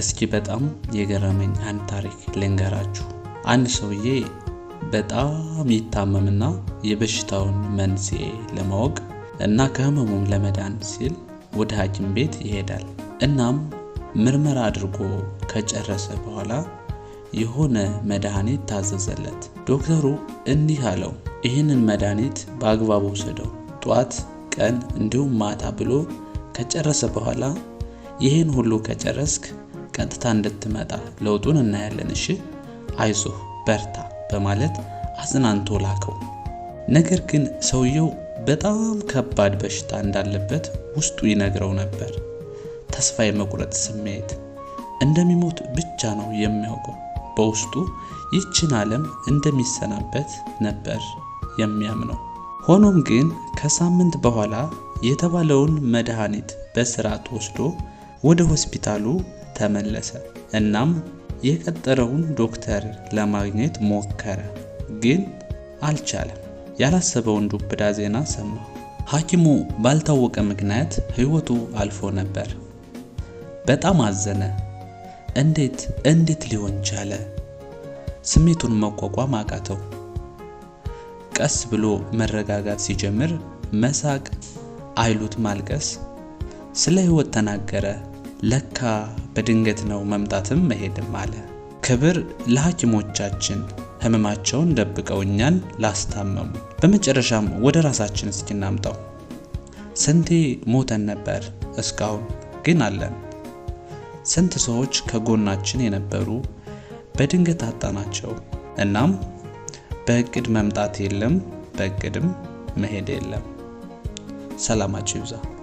እስኪ በጣም የገረመኝ አንድ ታሪክ ልንገራችሁ። አንድ ሰውዬ በጣም ይታመምና የበሽታውን መንስኤ ለማወቅ እና ከህመሙም ለመዳን ሲል ወደ ሐኪም ቤት ይሄዳል። እናም ምርመራ አድርጎ ከጨረሰ በኋላ የሆነ መድኃኒት ታዘዘለት። ዶክተሩ እንዲህ አለው፣ ይህንን መድኃኒት በአግባቡ ውሰደው፣ ጠዋት፣ ቀን እንዲሁም ማታ ብሎ ከጨረሰ በኋላ ይህን ሁሉ ከጨረስክ ቀጥታ እንድትመጣ ለውጡን እናያለን። እሺ አይዞህ በርታ በማለት አጽናንቶ ላከው። ነገር ግን ሰውየው በጣም ከባድ በሽታ እንዳለበት ውስጡ ይነግረው ነበር። ተስፋ የመቁረጥ ስሜት እንደሚሞት ብቻ ነው የሚያውቀው። በውስጡ ይችን ዓለም እንደሚሰናበት ነበር የሚያምነው። ሆኖም ግን ከሳምንት በኋላ የተባለውን መድኃኒት በስርዓት ወስዶ ወደ ሆስፒታሉ ተመለሰ። እናም የቀጠረውን ዶክተር ለማግኘት ሞከረ፣ ግን አልቻለም። ያላሰበውን ዱብዳ ዜና ሰማ። ሐኪሙ ባልታወቀ ምክንያት ሕይወቱ አልፎ ነበር። በጣም አዘነ። እንዴት እንዴት ሊሆን ቻለ? ስሜቱን መቋቋም አቃተው። ቀስ ብሎ መረጋጋት ሲጀምር መሳቅ አይሉት ማልቀስ፣ ስለ ሕይወት ተናገረ። ለካ በድንገት ነው መምጣትም መሄድም አለ። ክብር ለሐኪሞቻችን ህመማቸውን ደብቀው እኛን ላስታመሙ። በመጨረሻም ወደ ራሳችን እስኪናምጠው ስንቴ ሞተን ነበር እስካሁን ግን አለን። ስንት ሰዎች ከጎናችን የነበሩ በድንገት አጣናቸው። እናም በእቅድ መምጣት የለም በእቅድም መሄድ የለም። ሰላማችሁ ይብዛ።